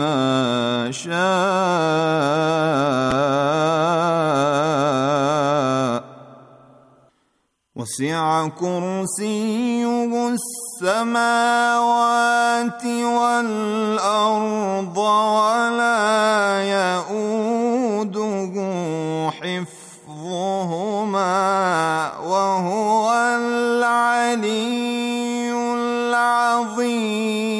لمن شاء وسع كرسيه السماوات والارض ولا يئوده حفظهما وهو العلي العظيم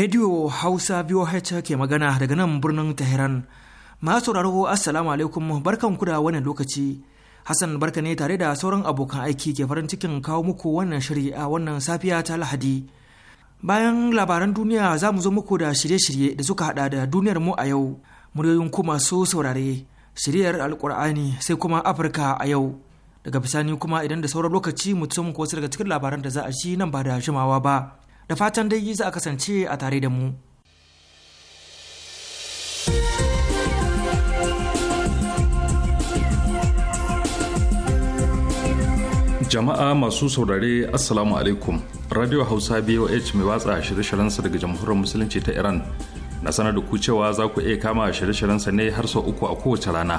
Radio Hausa VOH ke magana daga nan birnin Tehran. Masu sauraro Assalamu alaikum barkan ku da wannan lokaci. Hassan barka ne tare da sauran abokan aiki ke farin cikin kawo muku wannan shiri a wannan safiya ta Lahadi. Bayan labaran duniya za mu zo muku da shirye-shirye da suka hada da duniyar mu a yau, muryoyin ku masu saurare, shiryar alkur'ani sai kuma Afirka a yau. Daga bisani kuma idan da sauran lokaci mu muku wasu daga cikin labaran da za a shi nan ba da jimawa ba. da fatan dai za a kasance a tare da mu. jama'a masu saurare assalamu alaikum radio hausa boh mai watsa shirye-shiryensa daga jamhuriyar musulunci ta iran na sanar da ku cewa za ku iya kama shirye-shiryensa ne har sau uku a kowace rana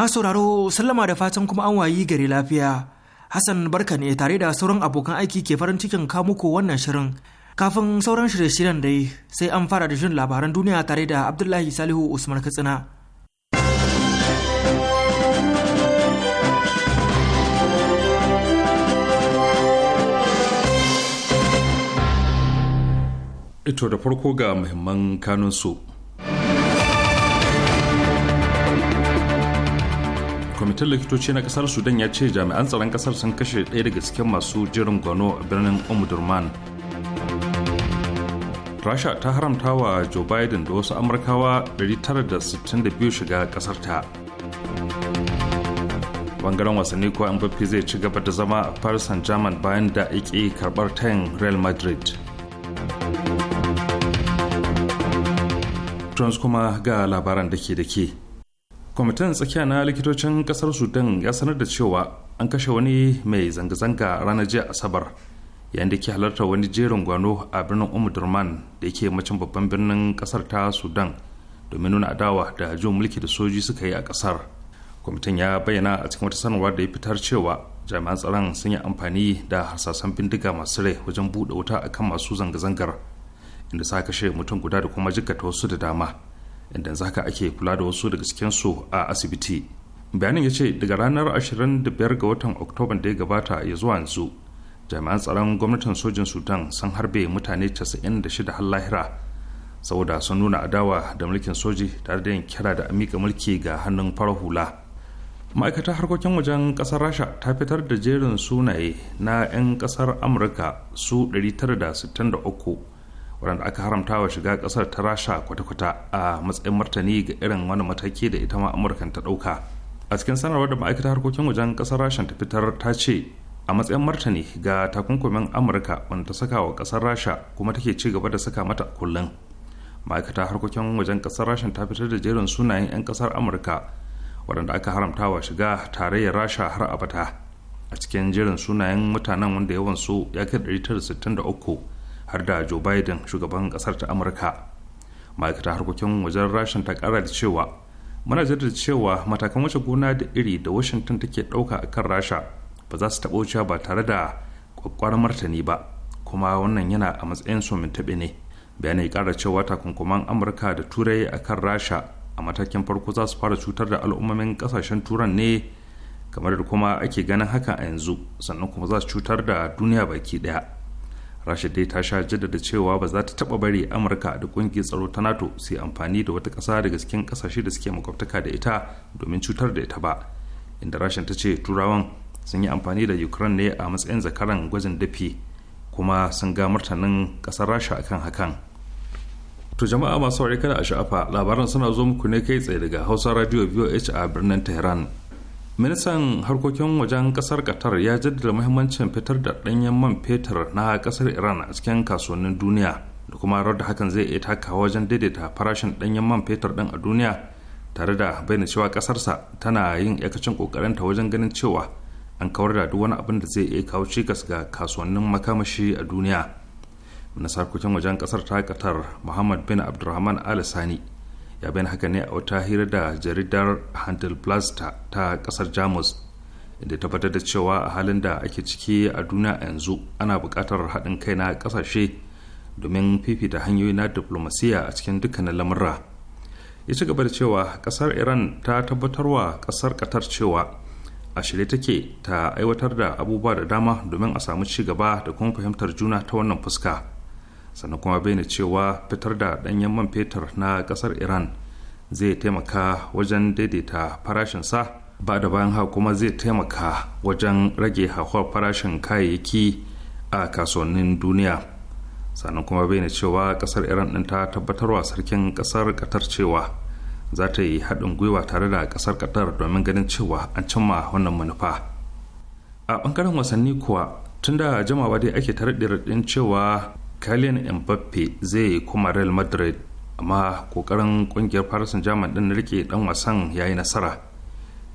Na sauraro sallama da fatan kuma an wayi gari lafiya. Hassan barka ne tare da sauran abokan aiki ke farin cikin kamuko wannan shirin. Kafin sauran shirye-shiryen dai sai an fara da shirin labaran duniya tare da Abdullahi Salihu Usman Katsina. Ito da farko ga muhimman kanunsu. kwamitin likitoci na kasar sudan ya ce jami'an tsaron kasar sun kashe ɗaya daga cikin masu jirin gwano a birnin umudurman rasha ta haramta wa joe biden da wasu amurkawa 962 shiga kasar ta bangaren wasanni kuwa bafi zai ci gaba da zama a paris saint germain bayan da ake karbar tayin real madrid trans kuma ga labaran da ke da ke kwamitin tsakiya na likitocin kasar sudan ya sanar da cewa an kashe wani mai zanga-zanga ranar jiya asabar yayin da ke halarta wani jerin gwano a birnin umudurman da yake macin babban birnin kasar ta sudan domin nuna adawa da juyin mulki da soji suka yi a kasar kwamitin ya bayyana a cikin wata sanarwa da ya fitar cewa jami'an tsaron sun yi amfani da harsasan bindiga masu rai wajen buɗe wuta akan masu zanga-zangar inda sa kashe mutum guda da kuma jikkata wasu da dama inda haka ake kula da wasu daga cikinsu a asibiti bayanin ya ce daga ranar 25 ga watan oktoban da ya gabata ya zuwa yanzu jami'an tsaron gwamnatin sojin sudan sun harbe mutane 96 har lahira saboda sun nuna adawa da mulkin soji tare da yin kira da amika mulki ga hannun fara hula ma'aikatar harkokin wajen kasar rasha ta fitar da jerin sunaye na 'yan kasar amurka su 963 waɗanda aka haramta wa shiga ƙasar ta rasha kwata-kwata a matsayin martani ga irin wani mataki da ita ma amurkan ta ɗauka a cikin sanarwar da ma'aikatar harkokin wajen ƙasar rasha ta fitar ta ce a matsayin martani ga takunkumin amurka wanda ta saka wa ƙasar rasha kuma take ci gaba da saka mata kullum ma'aikatar harkokin wajen ƙasar rasha ta fitar da jerin sunayen 'yan ƙasar amurka waɗanda aka haramta wa shiga tarayyar rasha har abata a cikin jerin sunayen mutanen wanda yawan su ya kai 163 har da joe biden shugaban kasar ta amurka ma'aikatar harkokin wajen rashin ta kara da cewa muna jaddada cewa matakan wuce gona da iri da washington take ɗauka a kan rasha ba za su taɓa wuce ba tare da kwakwaran martani ba kuma wannan yana a matsayin su taɓe ne bayanai ƙara cewa takunkuman amurka da turai a kan rasha a matakin farko za su fara cutar da al'ummomin ƙasashen turan ne kamar da kuma ake ganin haka a yanzu sannan kuma za su cutar da duniya baki ɗaya rasha dai ta sha jaddada cewa ba za ta taba bari amurka da kungiyar tsaro ta nato su amfani da wata ƙasa daga cikin ƙasashe da suke makwabtaka da ita domin cutar da ita ba inda rashin ta ce turawan sun yi amfani da ukraine ne a matsayin zakaran gwajin dafi kuma sun ga martanin kasar rasha akan hakan to jama'a masu kada a sha'afa labaran suna zo muku ne kai tsaye daga hausa radio voh a birnin tehran ministan harkokin wajen kasar qatar ya jaddada muhimmancin fitar da danyen man fetur na kasar iran a cikin kasuwannin duniya da kuma rawar da hakan zai iya taka wajen daidaita farashin danyen man fetur din a duniya tare da bayyana cewa kasarsa tana yin yakacin kokarinta wajen ganin cewa an kawar da duk wani abin da zai iya kawo cikas ga kasuwannin makamashi a duniya ministan harkokin wajen kasar ta qatar muhammad bin abdulrahman al sani ya bayan haka ne a wata hira da jaridar handelsblatt ta kasar jamus inda tabbatar da cewa a halin da ake ciki a duniya yanzu ana bukatar haɗin kai na ƙasashe domin fifita hanyoyi na diplomasiya a cikin dukkanin lamurra ya ci gaba da cewa ƙasar iran ta tabbatarwa ƙasar qatar cewa a shirye take ta aiwatar da abubuwa da dama domin a samu ci gaba da kuma fahimtar juna ta wannan fuska sannan kuma bayyana cewa fitar da ɗanyen man fetur na ƙasar iran zai taimaka wajen daidaita farashinsa ba da bayan ha kuma zai taimaka wajen rage hauhawar farashin kayayyaki a kasuwannin duniya sannan kuma bayyana cewa ƙasar iran ɗin ta tabbatarwa sarkin ƙasar qatar cewa za ta yi haɗin gwiwa tare da ƙasar qatar domin ganin cewa an cimma wannan manufa a ɓangaren wasanni kuwa tun da jamawa dai ake tarɗiraɗin cewa kylian mbappe zai yi koma real madrid amma kokarin kungiyar paris saint-germain din rike dan wasan ya yi nasara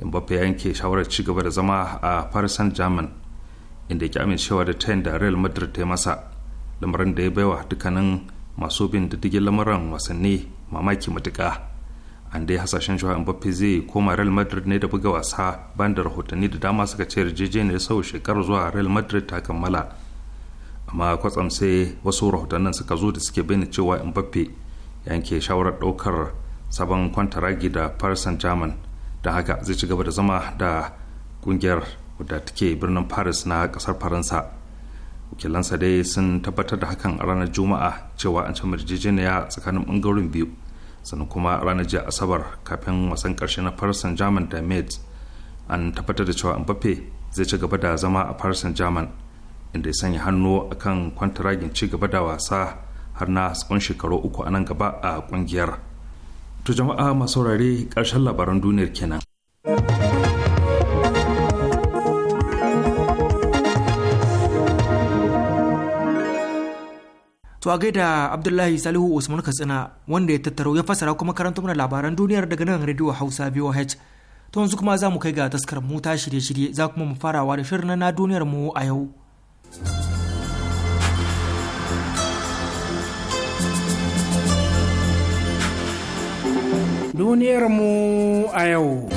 mbappe ya yanke shawarar ci gaba da zama a paris saint-germain inda yake amincewa da tayin da real madrid ta yi masa lamarin da ya baiwa dukkanin masu bin diddigin lamarin wasanni mamaki matuka an dai hasashen shawarar mbappe zai koma real madrid ne da buga wasa ban da rahotanni da dama suka ce yarjejeniyar sau shekaru zuwa real madrid ta kammala amma kwatsam sai wasu rahotannin suka zo da suke bayyana cewa mbappe yanke shawarar ɗaukar sabon kwantaragi da paris saint germain da haka zai ci gaba da zama da kungiyar wadda take birnin paris na kasar faransa wakilansa dai sun tabbatar da hakan a ranar juma'a cewa an ci yarjejeniya tsakanin bangarorin biyu sannan kuma ranar jiya asabar kafin wasan karshe na paris saint germain da maids an tabbatar da cewa mbappe zai ci gaba da zama a paris saint germain inda ya sanya hannu akan kwantaragin ci gaba da wasa har na tsawon shekaru uku a nan gaba a kungiyar. To jama'a masu saurare ƙarshen labaran duniyar kenan. To a gaida Abdullahi Salihu Usman Katsina wanda ya tattaro ya fasara kuma karanta mana labaran duniyar daga nan Radio Hausa VOH. To yanzu kuma za mu kai ga taskar mu ta shirye-shirye za kuma mu farawa da shirin na duniyar mu a yau. Duniyarmu a yau.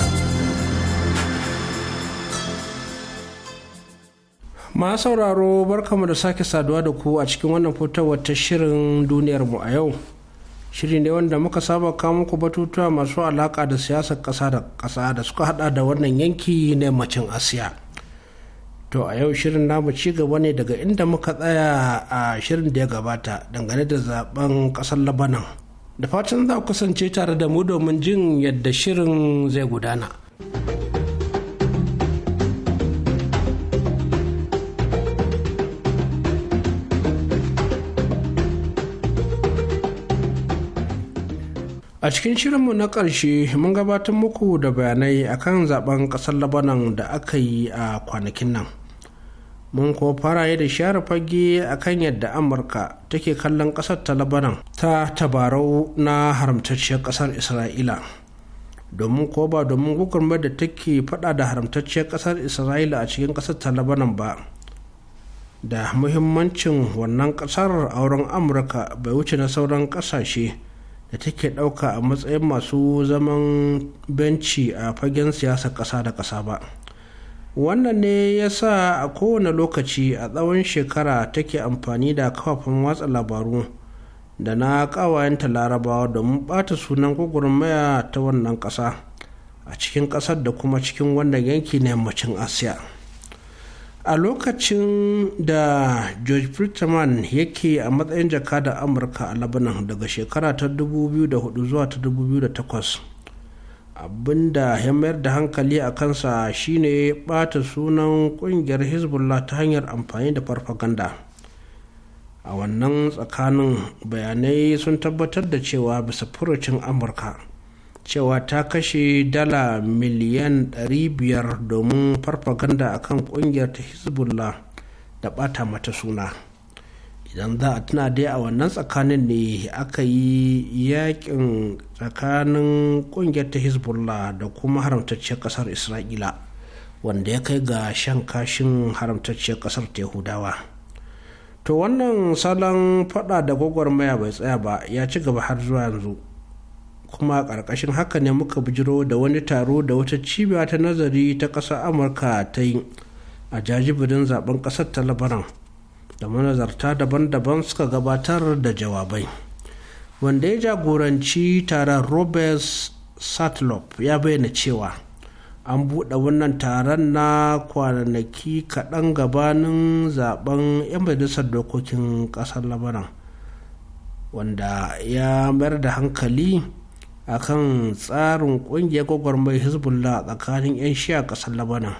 Ma sauraro barkamu da sake saduwa da ku a cikin wannan fitowar ta shirin duniyarmu a yau. Shiri ne wanda muka saba kawo muku batutuwa masu alaka da siyasar ƙasa da ƙasa da suka hada da wannan yanki na yammacin Asiya. To a yau shirin na mu ci gaba ne daga inda muka tsaya a shirin da ya gabata dangane da zaben ƙasar Labanan. da fatan za ku kasance tare da mu domin jin yadda shirin zai gudana. a cikin shirinmu na ƙarshe mun gabatar muku da bayanai akan zaben ƙasar labanan da aka yi a kwanakin nan mun ko faraye da share fage a kan yadda amurka take kallon ƙasar ta labanan ta tabarau na haramtacciyar ƙasar isra'ila domin ko ba domin gugurmar da take fada da haramtacciyar ƙasar isra'ila a cikin ƙasar ta labanan ba da muhimmancin wannan ƙasar auren amurka bai wuce na sauran ƙasashe da take ɗauka a matsayin masu zaman benci a fagen siyasar ƙasa da ƙasa ba. wannan ne ya sa a kowane lokaci a tsawon shekara take amfani da kafafen watsa labaru da na kawayenta larabawa domin bata sunan gwagwarmaya ta wannan ƙasa a cikin ƙasar da kuma cikin wannan yanki na yammacin asiya a lokacin da george Brittaman yake a matsayin jaka da amurka a labanan daga shekara ta 2004 zuwa ta 2008 abinda ya mayar da hankali a kansa shine bata sunan kungiyar hezbollah ta hanyar amfani da farfaganda a wannan tsakanin bayanai sun tabbatar da cewa bisa furucin amurka cewa ta kashe dala miliyan 500 domin farfaganda akan kungiyar ta hezbollah da bata mata suna idan za a tuna dai a wannan tsakanin ne aka yi yakin tsakanin kungiyar ta hezbollah da kuma haramtacciyar kasar isra'ila wanda ya kai ga shan kashin haramtacciyar kasar ta yahudawa to wannan salon fada da gwagwarmaya bai tsaya ba ya ci gaba har zuwa yanzu kuma ƙarƙashin haka ne muka bijiro da wani taro da wata cibiya ta nazari ta ƙasar amurka ta yi a jajibirin zaben ƙasar ta labaran da manazarta daban-daban suka gabatar da jawabai wanda ya jagoranci taron robert satlop ya bayyana cewa an buɗe wannan taron na kwanaki kaɗan gabanin zaben 'yan majalisar dokokin ƙasar labaran wanda ya mayar da hankali akan tsarin ƙungiyar gwagwarmai hezbollah tsakanin 'yan shi a ƙasar labanan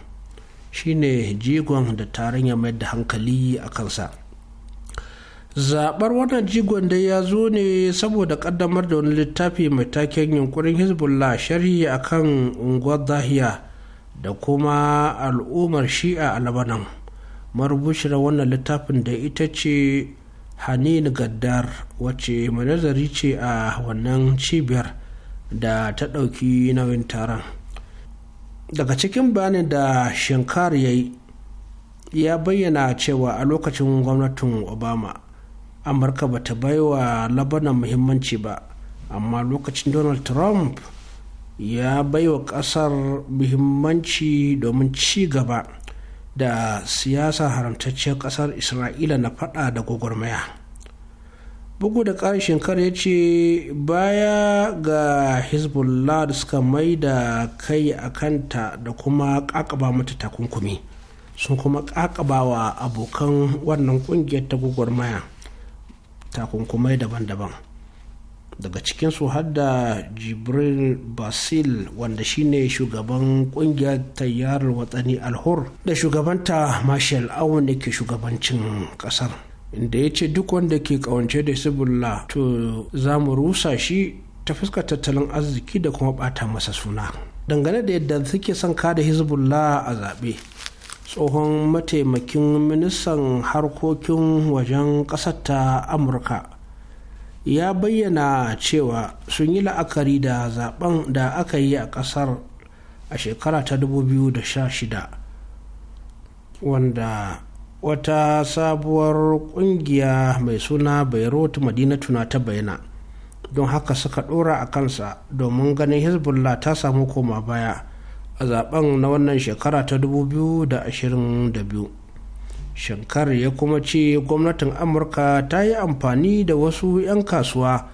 shine jigon da taron ya mayar da hankali a kansa zaɓar wannan jigon dai ya zo ne saboda ƙaddamar da wani littafi mai taken yunkurin hezbollah sharhi kan unguwar zahiya da kuma al'ummar shi'a a labanan marubuciyar wannan littafin da ita ce hanin gaddar wacce manazari ce a wannan cibiyar da ta ɗauki nauyin taron daga cikin bayanin da shinkar ya yi ya bayyana cewa a lokacin gwamnatin obama amurka ba ta bai wa labanan muhimmanci ba amma lokacin donald trump ya bai wa kasar muhimmanci domin ci gaba da siyasa haramtacciyar kasar isra'ila na fada da gwagwarmaya bugu da ƙarin shekara ya ce baya ga hezbollah da suka mai da kai a kanta da kuma ƙaƙaba mata takunkumi sun kuma ƙaƙaba wa abokan wannan ƙungiyar ta maya takunkumai daban-daban daga cikin su da jibril basil wanda shine shugaban kungiyar tayyarar watsani alhur da shugabanta marshal awon da ke shugabancin kasar inda ya ce duk wanda ke kawance da sibulla to za mu rusa shi ta fuskar tattalin arziki da kuma bata masa suna dangane da yadda suke son kada hezbollah a zaɓe tsohon mataimakin ministan harkokin wajen ƙasar ta amurka ya bayyana cewa sun yi la'akari da zaben da aka yi a ƙasar a shekara ta 2016 wanda wata sabuwar kungiya mai suna beirut madinatuna ta bayyana don haka suka dora a kansa domin ganin hezbollah ta samu koma baya a zaben na wannan shekara ta 2022 shankar ya kuma ce gwamnatin amurka ta yi amfani da wasu 'yan kasuwa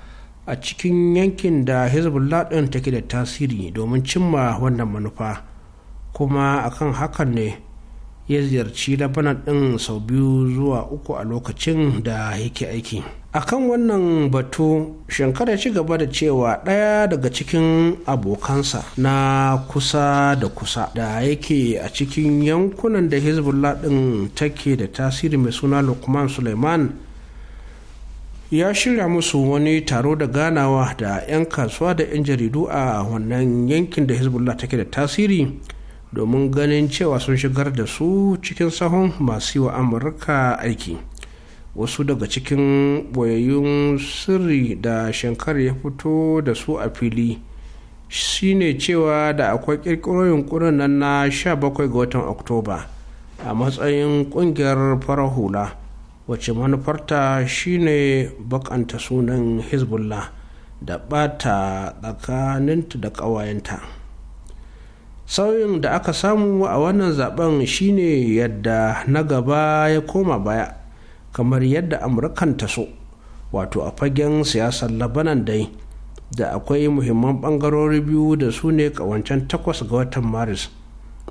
a cikin yankin da hezbollah ɗin take da tasiri domin cimma wannan manufa kuma akan hakan ne ya ziyarci labanan ɗin sau biyu zuwa uku a lokacin da yake aiki A kan wannan batu shankara ya ci gaba da cewa ɗaya daga cikin abokansa na kusa da kusa da yake a cikin yankunan da hezbollah ɗin take da tasiri mai suna lukman suleiman ya shirya musu wani taro da ganawa da 'yan kasuwa da 'yan jaridu a wannan yankin da hezbollah take da tasiri domin ganin cewa sun shigar da su cikin sahun masu yi wa amurka aiki wasu daga cikin boyayyun sirri da shankar ya fito da su a fili shine cewa da akwai kirkiro yunkurin nan na 17 ga watan oktoba a matsayin kungiyar farar hula wacce manufarta shine bakanta sunan hezbollah da bata tsakaninta da ƙawayenta. sauyin da aka samu a wannan zaben shine yadda na gaba ya koma baya kamar yadda amurkan ta so wato a fagen siyasar labanan dai da akwai muhimman bangarori biyu da su ne kawancen 8 ga watan maris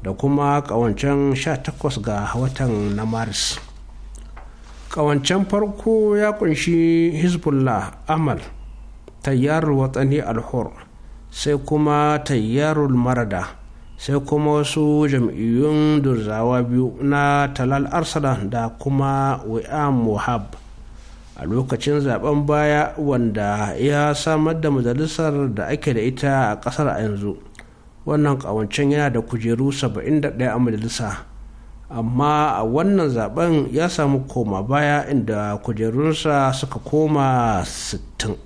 da kuma kawancen 18 ga watan na maris kawancen farko ya kunshi hezbollah amal tayyarul watsani alhor sai kuma tayyarul marada sai kuma wasu jam'iyyun durzawa biyu na talal arsala da kuma wi'am wahab a lokacin zaben baya wanda ya samar da majalisar da ake da ita a kasar a yanzu wannan kawancin yana da kujeru 71 a majalisa amma a wannan zaben ya samu koma baya inda kujerunsa suka koma 60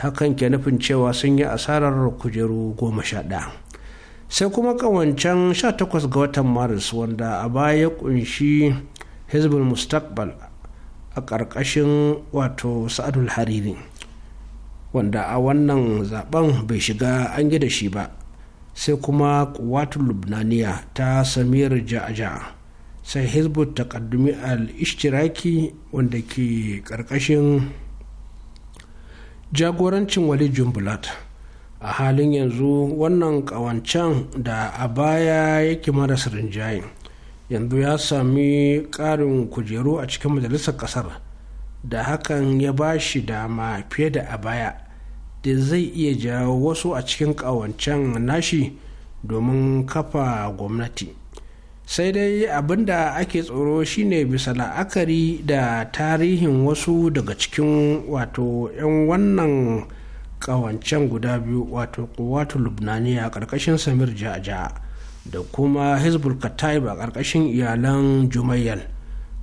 hakan ke nufin cewa sun yi asarar kujeru goma 11 sai kuma kawancan 18 ga watan maris wanda a baya ya kunshi hezbollah mustaqbal a ƙarƙashin wato sa'adul hariri wanda a wannan zaben bai shiga an da shi ba sai kuma kuwatul lubnaniya ta samir ja'aja sai hezbollah ta kaddumi al-ishtiraki wanda ke ƙarƙashin jagorancin wali jumbulat a halin yanzu wannan ƙawancen da a baya yake marasa rinjaye yanzu ya sami ƙarin kujeru a cikin majalisar ƙasar da hakan ya ba shi dama fiye da a baya da zai iya jawo wasu a cikin ƙawancen nashi domin kafa gwamnati sai dai abinda da ake tsoro shine bisa la'akari da tarihin wasu daga cikin wato 'yan wannan kawancen guda biyu wato kowato lubnaniya a ƙarƙashin samir jaja da kuma hezbollah kataib a ƙarƙashin iyalan jumayyal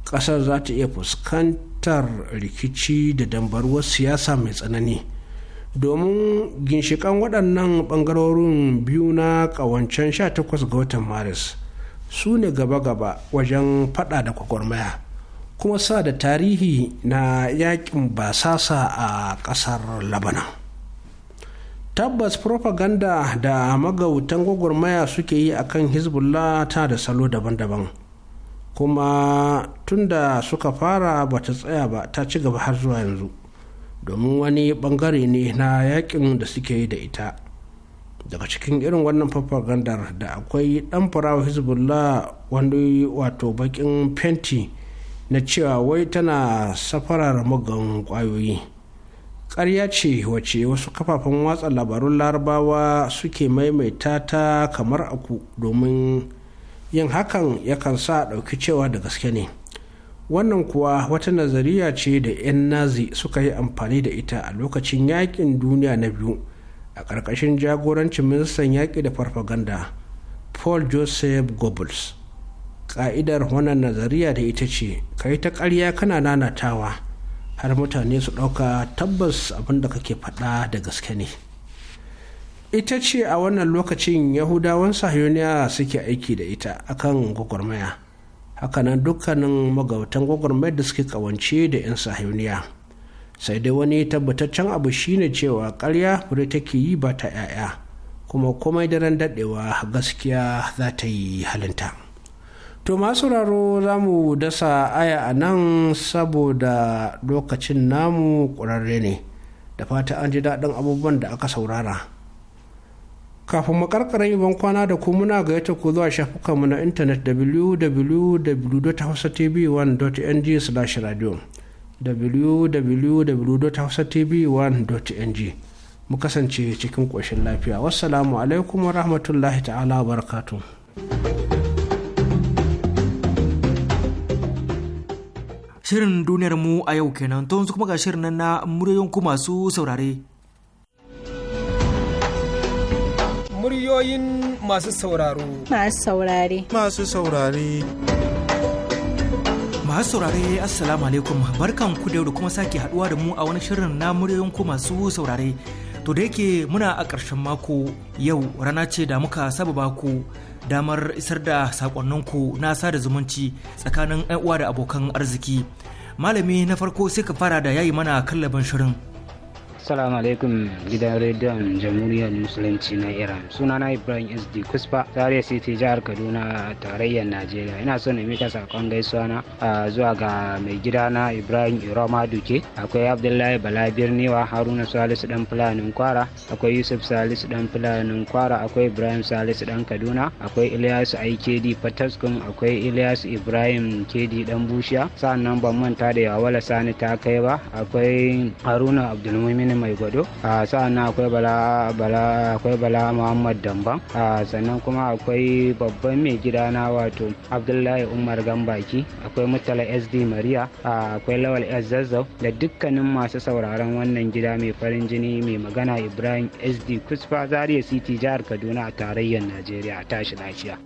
ƙasar za ta iya fuskantar rikici da dambaruwar siyasa mai tsanani domin ginshikan waɗannan ɓangarorin biyu na ƙawancen 18 ga watan maris su ne gaba-gaba wajen fada da kwakwarmaya kuma sa da tarihi na yakin basasa a ƙasar labanan tabbas propaganda da magautan gwagwarmaya suke yi akan hezbollah ta da salo daban-daban kuma tunda suka fara ba ta tsaya ba ta ci gaba har zuwa yanzu domin wani bangare ne na yakin da suke yi da ita daga cikin irin wannan propaganda da akwai dan farawa hezbollah wani wato bakin fenti na cewa wai tana safarar magan kwayoyi ƙarya ce wace wasu kafafen watsa labarun larabawa suke maimaita ta kamar aku domin yin hakan yakan sa ɗauki cewa da gaske ne wannan kuwa wata nazariya ce da 'yan nazi suka yi amfani da ita a lokacin yakin duniya na biyu a ƙarƙashin jagorancin ministan yaƙi da farfaganda paul joseph goebbels ƙa'idar wannan nazariya da ita ce ka yi ta ƙarya kana nanatawa har mutane su ɗauka tabbas abin da kake faɗa da gaske ne ita ce a wannan lokacin yahudawan sahiyoniya suke aiki da ita akan gwagwarmaya hakanan dukkanin magabatan gwagwarmayar da suke kawance da 'yan sahiyoniya sai dai wani tabbataccen abu shine cewa karya fure take yi ba ta 'ya'ya kuma komai daren daɗewa gaskiya za ta yi halinta. To masu raro za mu dasa aya a nan saboda lokacin namu ƙurarre ne da fata an ji daɗin abubuwan da aka saurara. Kafin makarkarar ban kwana da ku muna ga yata ku zuwa shafukanmu na intanet www.hausatv1.ng/radio www.hausatv1.ng mu kasance cikin ƙoshin lafiya. Wassalamu alaikum wa rahmatullahi ta'ala wa barakatuh. Shirin duniyar mu a yau kenan to yanzu kuma ga shirin nan na muryoyin ku masu saurare. Muryoyin masu sauraro. Masu saurare. Masu saurare. masu saurare assalamu alaikum barkan ku da kuma sake haduwa da mu a wani shirin na muryoyin ku masu saurare to da yake muna a ƙarshen mako yau rana ce da muka saba baku damar isar da sakonninku na sada zumunci tsakanin uwa da abokan arziki malami na farko sai ka fara da yayi mana kallaban shirin assalamu alaikum gidan rediyon jamhuriyar musulunci na iran sunana ibrahim sd kuspa tare city jihar kaduna a tarayyar najeriya ina so na mika sakon gaisuwa na zuwa ga mai gida na ibrahim iroma duke akwai abdullahi bala birniwa haruna salisu dan fulanin kwara akwai yusuf salisu dan fulanin kwara akwai ibrahim salisu dan kaduna akwai ilyasu ikd fataskum akwai ilyasu ibrahim kd dan bushiya sa'annan ban manta da yawala sani ta kai ba akwai haruna abdulmumin Mai Gwado sa'an akwai Bala Bala akwai Bala Muhammad Damban sannan kuma akwai babban mai gida na wato Abdullahi Umar Gambaki akwai Murtala SD Maria akwai Lawal S Zazzau da dukkanin masu sauraron wannan gida mai farin jini mai magana Ibrahim SD Kusfa Zariya City jihar Kaduna a tarayyar Najeriya a tashi lafiya.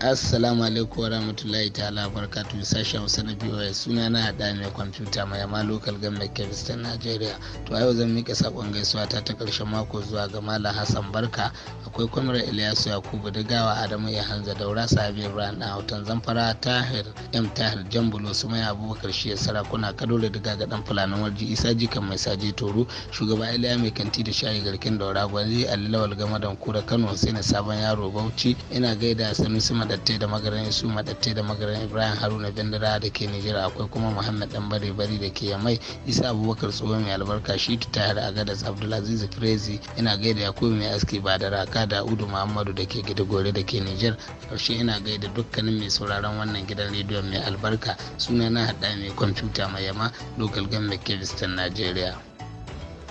assalamu alaikum warahmatullahi ta'ala barkatu sashen hausa na bos suna na hada mai kwamfuta mai lokal local government kebistan nigeria to yau zan mika sakon gaisuwa ta ta karshen mako zuwa ga malam hassan barka akwai kwamrar ilyasu yakubu digawa adamu ya hanza daura sabi ibrahim na hoton zamfara tahir m tahir jan bulo su mai abubakar shi sarakuna da diga ga dan fulanin warji isa jikan mai saje toro shugaba iliya mai kanti da shayi garkin daura gwanzi alilawal da kura kano sai na sabon yaro bauchi ina gaida sanusi madatte da magaran su madatte da magaran ibrahim haruna bendera da ke nijar akwai kuma muhammad dan bare bari da ke yamai isa abubakar tsohon mai albarka shi tayar a gadas abdulaziz firezi ina gaida yakubu mai aski ba da raka da udu muhammadu da ke gida gore da ke nijar karshe ina gaida dukkanin mai sauraron wannan gidan rediyon mai albarka suna na hada mai kwamfuta mai yama local government kevistan nigeria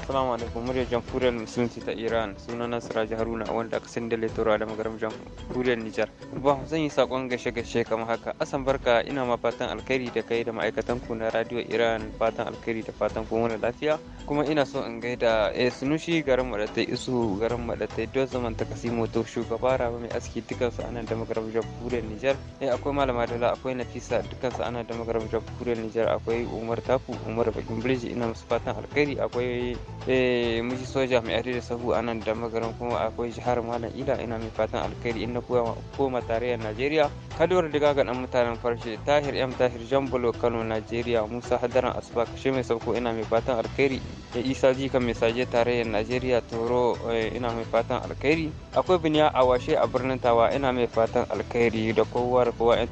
Assalamu alaikum muryar jamhuriyar musulunci ta Iran suna Siraji Haruna wanda aka sanda da Letoro da magaram jamhuriyar Nijar. Ba zan yi sakon gashe gashe kamar haka. Asan barka ina ma fatan alkhairi da kai da ma'aikatan ku na Radio Iran fatan alkhairi da fatan ku muna lafiya. Kuma ina so in gaida a eh, Sunushi garin Madatai Isu garin Madatai don zaman ta kasi moto shugaba raba mai aski dukkan su ana da magaram jamhuriyar Nijar. Eh akwai Malama Dala akwai Nafisa dukkan su ana da magaram jamhuriyar Nijar akwai Umar Taku Umar Bakin Birji ina musu fatan alkhairi akwai Eh, mun so jami'ai da sahu a nan da magaran kuma akwai jihar malam ila ina mai fatan alkhairi ina koma tarayyar najeriya kaduwar diga ga dan mutanen farshe tahir yam tahir jambulo kano najeriya musa hadaran asuba kashe mai sauko ina mai fatan alkhairi da isa jika mai saje tarayyar najeriya toro eh, ina mai fatan alkhairi akwai biniya a washe a birnin tawa ina mai fatan alkhairi da kowar kowa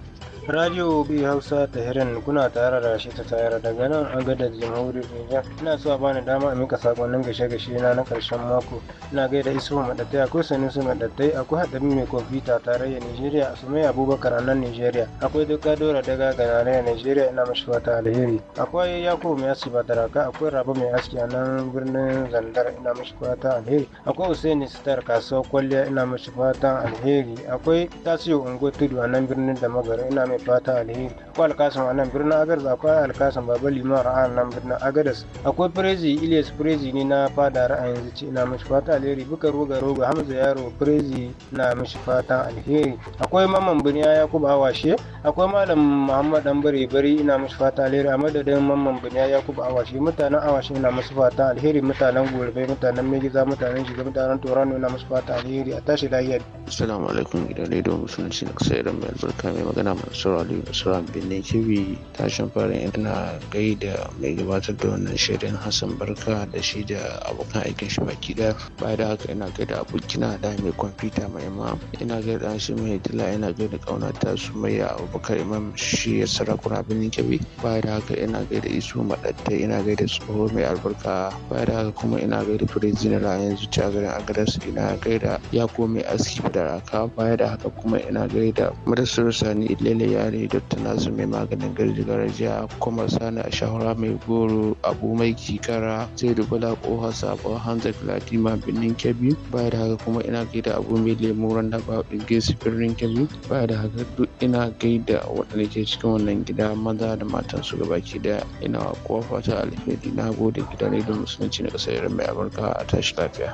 radio B hausa ta hirin kuna tare da shi ta tayar daga nan an gada jamhuri nijar ina so a bani dama a mika sakonnin gashe-gashe na na karshen mako ina gaida isu madattai akwai su madattai akwai haɗari mai kwamfuta tarayyar nigeria asumai abubakar a nan Nijeriya. akwai duka dora daga ganariyar Nijeriya. ina mashi wata alheri akwai yakubu mai ba badaraka akwai rabu mai aski a nan birnin zandar ina mashi wata alheri akwai usaini sitar kasuwar kwalliya ina mashi wata alheri akwai tasiyo unguwar tudu a nan birnin da ina mai mai fata alheri akwai alkasan a nan birnin agadas akwai alkasan baba liman a nan birnin agadas akwai firezi ilias firezi ne na fada ra'ayin zuci ina mishi fata alheri buka roga roga hamza yaro firezi na mishi fata alheri akwai maman ya yakubu awashe akwai malam muhammad dan bare bare ina mishi fata alheri a madadin maman ya yakubu awashe mutanen awashe ina mishi fata alheri mutanen gurbe mutanen megiza mutanen shiga mutanen torano ina mishi fata alheri a tashi lahiyar assalamu alaikum gidan rediyo musulunci na kusa iran mai albarka mai magana masu Nasiru Aliyu Usman Benin Kibi tashin farin ina gaida mai gabatar da wannan shirin Hassan Barka da shi da abokan aikin shi baki daya. Baya da haka ina gaida abokina da mai kwamfuta mai ma ina gaida shi mai dila ina gaida kaunata su mai abubakar imam shi ya sarakuna Benin Kibi. Baya da haka ina gaida isu maɗatta ina gaida tsoho mai albarka. Baya da haka kuma ina gaida firiji zinara, yanzu ta garin Agadas ina gaida yako mai aski da aka Baya da haka kuma ina gaida madasar sani lele bayani dokta nasu mai maganin gargajiya kuma sani a shahara mai goro abu mai kikara sai da bala sabon hanzar filatima birnin kebbi baya da haka kuma ina gaida abu mai lemu randa ba gaisu birnin kebbi baya da haka duk ina gaida waɗanda ke cikin wannan gida maza da matan su gabaki daya ina kowa fata alheri na gode gidan rediyo musulunci na ƙasar mai amurka a tashi lafiya.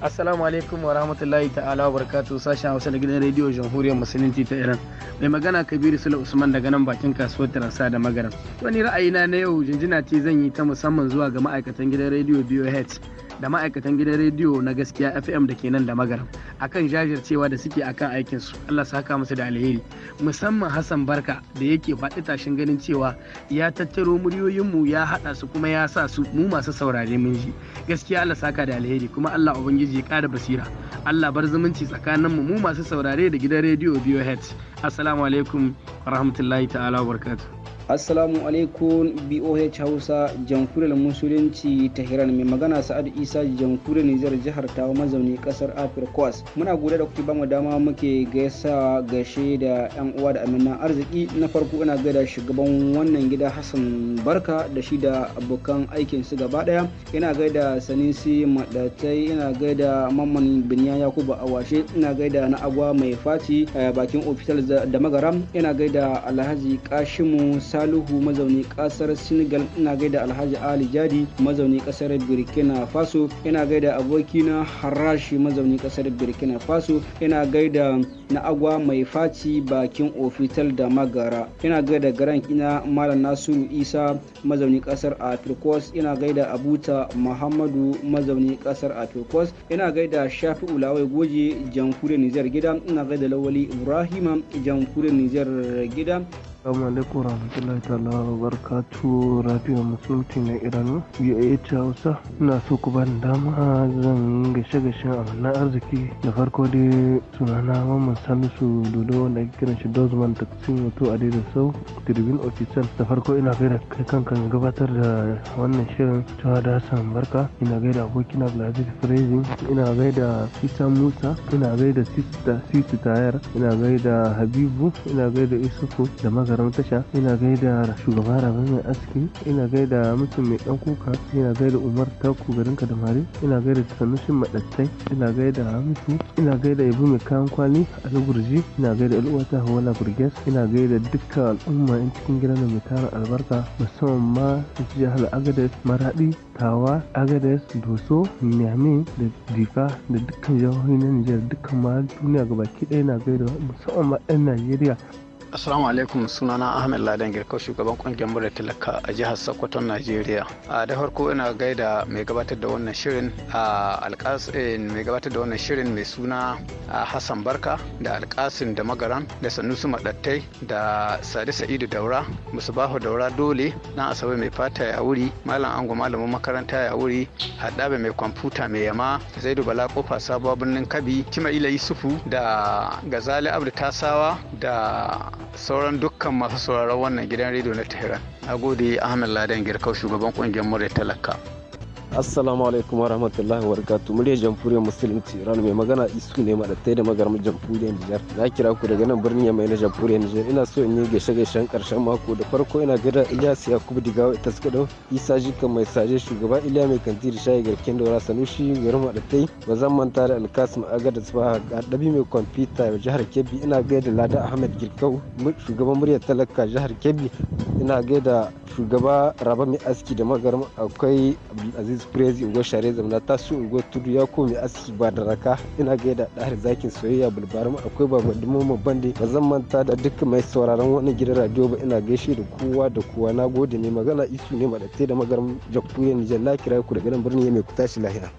Assalamu alaikum wa rahmatullahi ta'ala wa barakatu sashen Hausa da gidan rediyo Jamhuriyar Musulunci ta Iran. Mai magana Kabiru Sule Usman daga nan bakin kasuwar Taransa da Magaram. Wani ra'ayina na yau jinjina ce zan yi ta musamman zuwa ga ma'aikatan gidan rediyo BOH da ma'aikatan gidan rediyo na gaskiya FM da ke nan da magaram akan jajircewa da suke akan aikin su Allah saka musu da alheri musamman Hassan Barka da yake faɗi tashin ganin cewa ya tattaro muryoyinmu ya haɗa su kuma ya sa su mu masu saurare mun ji gaskiya Allah saka da alheri kuma Allah ubangiji ya ƙara basira Allah bar zumunci tsakanin mu mu masu saurare da gidan rediyo BioHead assalamu alaikum rahmatullahi ta'ala wa barkatu. assalamu alaikum boh hausa jamhuriyar musulunci tehran mai magana sa'adu isa jamhuriyar nijar jihar tawa mazauni kasar afirkos muna gode da kuke bamu dama muke gaisa gashe da yan uwa da aminan arziki na farko ina gaida shugaban wannan gida hassan barka da shi da abokan aikin su gaba daya ina gaida sanisi madatai ina gaida mamman biniya yakubu awashe ina gaida na agwa mai faci eh, bakin ofital da magaram ina gaida alhaji kashimu Salihu mazauni kasar Senegal ina gaida Alhaji Ali Jadi mazauni kasar Burkina Faso ina gaida abokina Harashi mazauni kasar Burkina Faso ina gaida na agwa mai faci bakin ofital da magara ina gaida garan ina malam nasiru isa mazauni kasar afirkos ina gaida abuta muhammadu mazauni kasar afirkos ina gaida shafi ulawai goje jamhuriyar niger gida ina gaida lawali ibrahima jamhuriyar niger gida Assalamu alaikum warahmatullahi ta'ala wa barakatuhu Radio Musulti na Iran. BAH Hausa ina so ku bani dama zan gashe gashen wannan arziki da farko dai sunana Mamman Salisu Dodo wanda ake kiran shi Dozman Taksin wato a daidai sau Tribune Official da farko ina gaida kai kanka gabatar da wannan shirin ta da Hassan Barka ina gaida abokina Abdulaziz Frezi ina gaida Isa Musa ina gaida Sita Tayar ina gaida Habibu ina gaida Isufu da maza sauraron tasha ina gaida shugaba rabe mai aski ina gaida mutum mai dan kuka ina gaida umar taku garin kadamari ina gaida sanushin madattai ina gaida hamisu ina gaida ibu mai kayan kwali a lagurji ina gaida hawa na burges ina gaida dukkan al'umma yan cikin gidan mai tara albarka musamman ma jihar agadez maradi tawa agadez doso niamey da difa da dukkan jihohi na nijar dukkan ma duniya gabaki ɗaya na gaida musamman ma 'yan najeriya Assalamu alaikum sunana Ahmed laden Girka shugaban kungiyar murar talaka a jihar Sokoto Najeriya. A da farko ina gaida mai gabatar da wannan shirin a alƙasin eh, mai gabatar da wannan shirin mai suna Hassan Barka da alƙasin da magaran da Sanusi Madattai da Sadi Sa'idu Daura Bahu Daura Dole na Asabe mai fata ya wuri Malam Ango malamin makaranta ya wuri Haddabe mai kwamfuta mai yama Zaidu Bala kofa sabuwar birnin Kabi kima Ila Yusufu da Gazali Abdu Tasawa da sauran dukkan masu sauraron wannan gidan rediyo na tehran a gode ahmed ladan girkau shugaban kungiyar murya talaka assalamu alaikum warahmatullahi wabarakatuh murya jamhuriyar musulunci iran mai magana isu ne madattai da magarmar jamhuriyar niger na kira ku daga nan birnin yamai na jamhuriyar nijar ina so in yi gaishe gaishen karshen mako da farko ina gaida ilyas yakubu digawa ita suka isa jika mai saje shugaba iliya mai kanti da shayi garken daura sanushi garin ba zan manta da alkasim aga da a ɗabi mai kwamfuta jihar kebbi ina gaida lada ahmed girkau shugaban muryar talaka jihar kebbi ina gaida shugaba raba mai aski da magarma akwai aziz aziz prezi ugo share ta su ugo tudu ya komi aski ba da raka ina gaida ɗahar zakin soyayya bulbarum akwai baba dumoma bande ba zan manta da duk mai sauraron wannan gidan radio ba ina gaishe da kowa da kowa na gode ne magana isu ne maɗatai da magaram jakkuye nijar na kira ku daga nan birni mai ku lahira.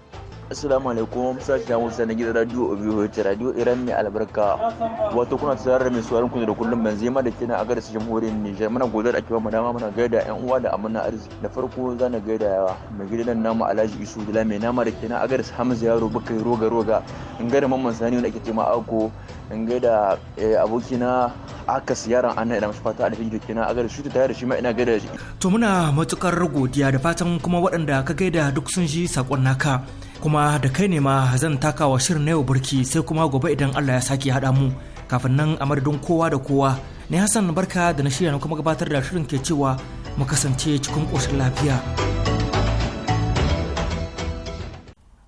Assalamu alaikum sashi Hausa na gidan radio OBH radio Iran mai albarka wato kuna ta da mai suwarin ku da kullum ban zema da kina a garin jamhuriyar Niger muna godar a kiwa dama muna gaida yan uwa da amana arziki da farko zana gaida mai gida gidan namu Alhaji Isu Dila mai nama da kina a garin Hamza Yaro bakai Roga Roga in gaida mamman Sani wanda ake cewa Ako in gaida eh, abokina aka siyaran ana ina mashi fata a dafin kina a garin Shutu tare da shi ma ina gaida shi to muna matukar godiya da fatan kuma waɗanda ka gaida duk sun ji sakon naka kuma da kai ne ma zan takawa shirin na yau birki sai kuma gobe idan Allah ya sake haɗa mu kafin nan a madadin kowa da kowa ne Hassan barka da na shirya kuma gabatar da shirin ke cewa mu kasance cikin ƙoshin lafiya.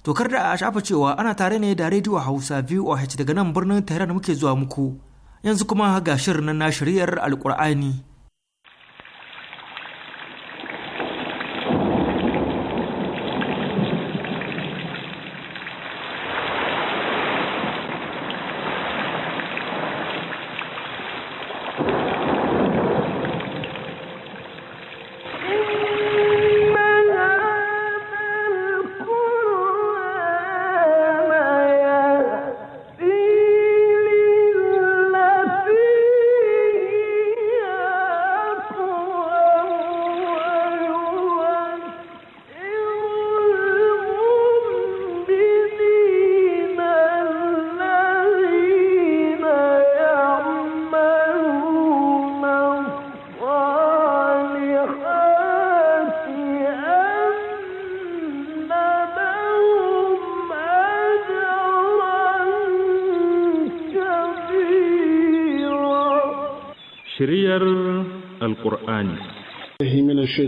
Tokar da a shafa cewa ana tare ne da rediyo Hausa VOH daga nan birnin Tehran muke zuwa muku yanzu kuma ga shirin na shiryar Alƙur'ani.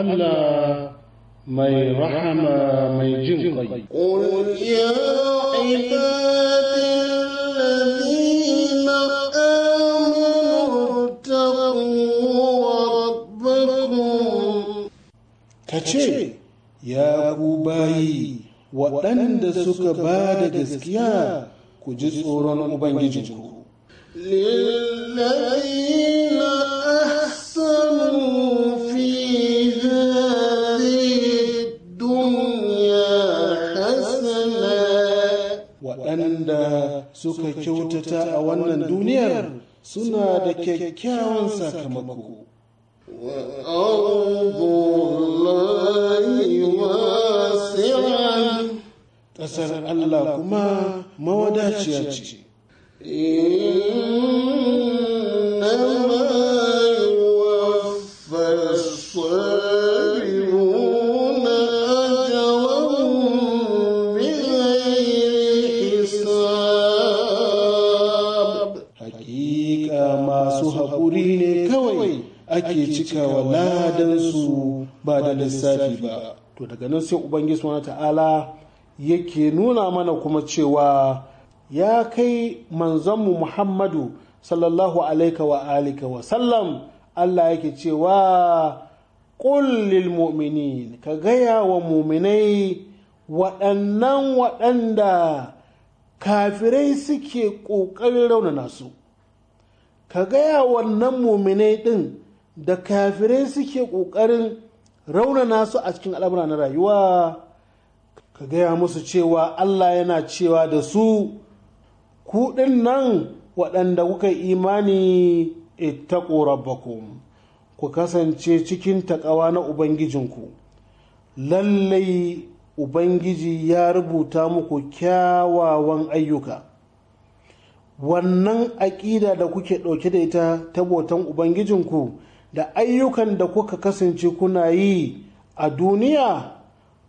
ألا مي رحم مي جن قل يا عبادي الذين آمنوا اتقوا ربكم كشي يا أبي waɗanda suka ba da كجزء ku ji tsoron kyautata a wannan duniyar suna da kyakkyawan sakamako. Ƙasar Allah kuma mawadaciya ce. lissafi ba to daga nan sai ubangiji wani ta'ala yake nuna mana kuma cewa ya kai manzonmu muhammadu sallallahu alaika wa alika wa sallam allah yake cewa ƙullil mu'minin ka gaya wa muminai waɗannan waɗanda kafirai suke ƙoƙarin raunana su ka gaya wannan muminai ɗin da kafirai suke ƙoƙarin raunana su a cikin al'amura na rayuwa ka gaya musu cewa Allah yana cewa da su kuɗin nan waɗanda kuka imani ittaqu rabbakum ku kasance cikin taƙawa na ubangijinku lallai ubangiji ya rubuta muku kyawawan ayyuka wannan aƙida da kuke ɗauke da ita ta botan ubangijinku da ayyukan da kuka kasance kuna yi a duniya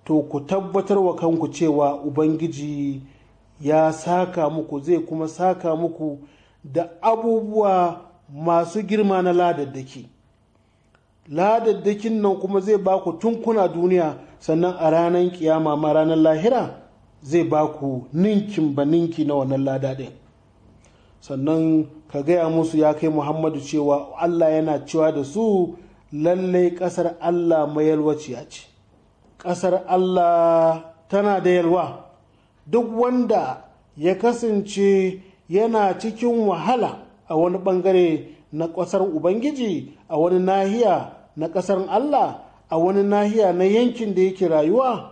to ku tabbatar wa kanku cewa ubangiji ya saka muku zai kuma saka muku da abubuwa masu girma na ladaddaki ladaddakin nan kuma zai ba ku tun duniya sannan a ranar kiyama ma ranar lahira zai ba ku ninkin ba ninki na wannan lada din. sannan ka gaya musu ya kai muhammadu cewa allah yana cewa da su lallai ƙasar allah mayalwaciya ce ƙasar allah tana da yalwa duk wanda ya kasance yana cikin wahala a wani bangare na ƙasar ubangiji a wani nahiya na ƙasar allah a wani nahiya na yankin da yake rayuwa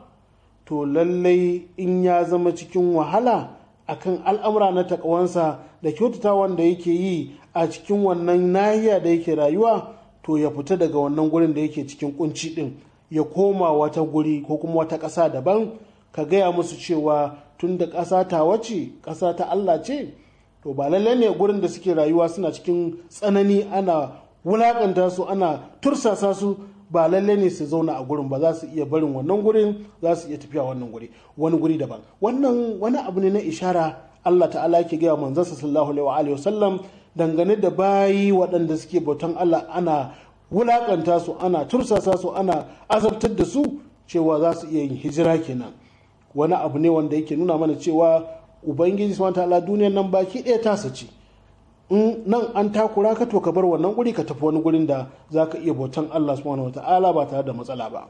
to lallai in ya zama cikin wahala akan al'amura na takawansa da kyautata wanda yake yi a cikin wannan nahiya da yake rayuwa to ya fita daga wannan gurin da yake cikin kunci din ya koma wata guri ko kuma wata ƙasa daban ka gaya musu cewa tun da ƙasa ta wace ƙasa ta Allah ce to ba lalle ne gurin da suke rayuwa suna cikin tsanani ana wulakanta su ana tursasa su ba lalle ne su zauna a gurin ba za su iya barin wannan gurin za su iya tafiya wannan guri wani guri daban wannan wani abu ne na ishara Allah ta'ala yake gaya manzansa sallallahu alaihi wa sallam dangane da bayi waɗanda suke bautan Allah ana wulakanta su ana tursasa su ana azabtar da su cewa za su iya yin hijira kenan wani abu ne wanda yake nuna mana cewa ubangiji subhanahu ta'ala duniyar nan baki ɗaya ta ce in nan an takura ka to ka bar wannan guri ka tafi wani gurin da za ka iya bautan Allah subhanahu wata'ala ba tare da matsala ba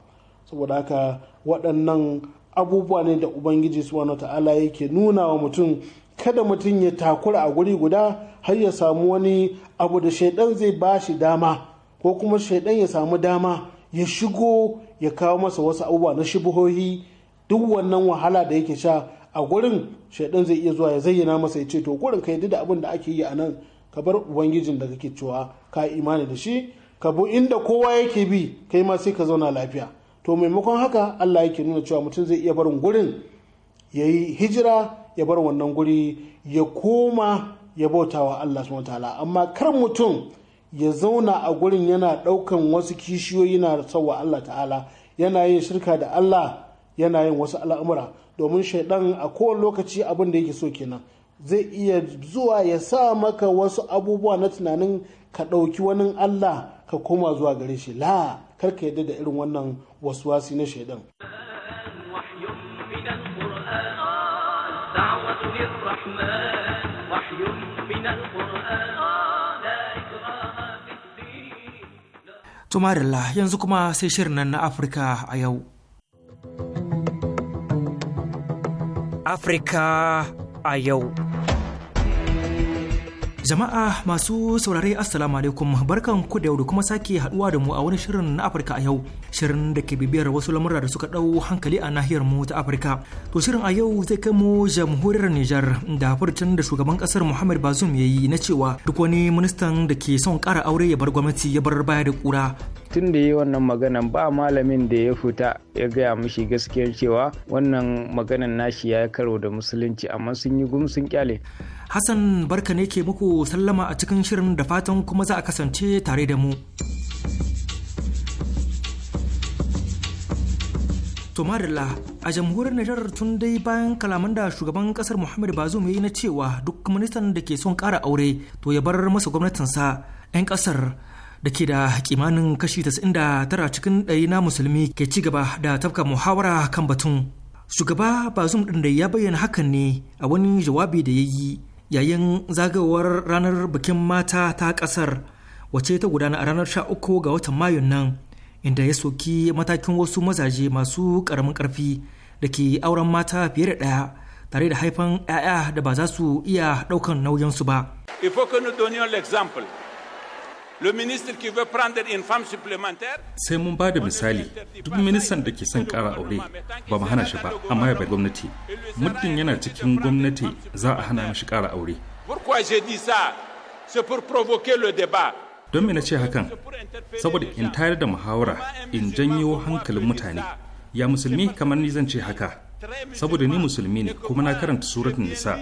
saboda haka waɗannan abubuwa ne da ubangiji subhanahu wata'ala yake nuna wa mutum kada mutum ya takura a guri guda har ya samu wani abu da shaidan zai ba shi dama ko kuma shaidan ya samu dama ya shigo ya kawo masa wasu abubuwa na shibuhohi duk wannan wahala da yake sha a gurin shaidan zai iya zuwa ya zayyana masa ya ce to gurin ka yadda da abin da ake yi a nan ka bar ubangijin da kake cewa ka imani da shi ka bu inda kowa yake bi kai ma sai ka zauna lafiya to maimakon haka Allah yake nuna cewa mutum zai iya barin gurin ya yi hijira ya bar wannan guri ya koma ya bauta wa Allah subhanahu ta'ala amma kar mutum ya zauna a gurin yana ɗaukan wasu kishiyoyi na wa Allah ta'ala yana yin shirka da Allah yana yin wasu al'amura domin shaidan a kowane lokaci abin da yake so kenan zai iya zuwa ya sa maka wasu abubuwa na tunanin ka ɗauki wani Allah ka koma zuwa gare shi la karka yadda da irin wannan wasuwasi na shaidan Tumarilla yanzu kuma sai shirin nan na Afirka a yau. Afirka a yau. Jama'a masu saurare Assalamu alaikum barkan ku da yau kuma sake haduwa da mu a wani shirin na Afirka a yau shirin da ke bibiyar wasu lamurra da suka dau hankali a nahiyar mu ta Afirka. To shirin a yau zai kai mu jamhuriyar Nijar da furtun da shugaban kasar Muhammad Bazoum yayi na cewa duk wani ministan da ke son kara aure ya bar gwamnati ya bar baya da kura tun da yi wannan maganan ba malamin da ya fita ya gaya mishi gaskiyar cewa wannan maganan nashi ya karo da musulunci amma sun yi gumsun kyale Hassan barka ne ke muku sallama a cikin shirin da fatan kuma za a kasance tare da mu. Tomarilla a jamhuriyar Nijar tun dai bayan kalaman da shugaban kasar Muhammad Bazoum ya yi na cewa duk ministan da ke son kara aure to ya bar masa sa 'yan ƙasar da ke da kimanin kashi tara cikin ɗari na musulmi ke ci gaba da tafka muhawara kan batun. Shugaba Bazoum ɗin da ya bayyana hakan ne a wani jawabi da ya yi yayin zagawar ranar bikin mata ta kasar wace ta gudana a ranar 13 ga watan mayun nan inda ya soki matakin wasu mazaje masu ƙaramin ƙarfi da ke auren mata fiye da ɗaya tare da haifan 'ya'ya da ba za su iya ɗaukan nauyinsu ba. Il sai mun ba da misali duk ministan da ke son kara aure ba mu hana shi ba amma ya bai gwamnati muddin yana cikin gwamnati za a hana mashi kara aure don me na ce hakan saboda in tayar da muhawara in janyo hankalin mutane ya musulmi kamar ni zan ce haka saboda ni musulmi ne kuma na karanta suratun nisa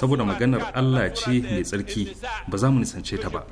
saboda maganar Allah ce mai tsarki ba za mu nisance ta ba